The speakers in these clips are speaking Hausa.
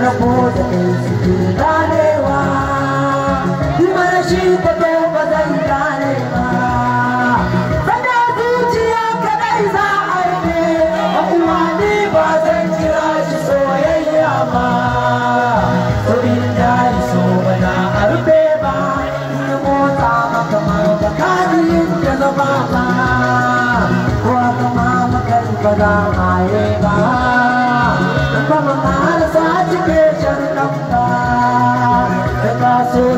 rabo da kai suke ganewa Ni mana shi ke ba zan gane ba Sada zuciya kadai za a yi ne A kuma ni ba zan kira shi soyayya ba Sabin dari so ba na arbe ba Ni mota kamar mara da kadin da zaba ba Kuwa kama makan ba za a yi ba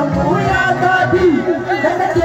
Jamhuriya Dadi,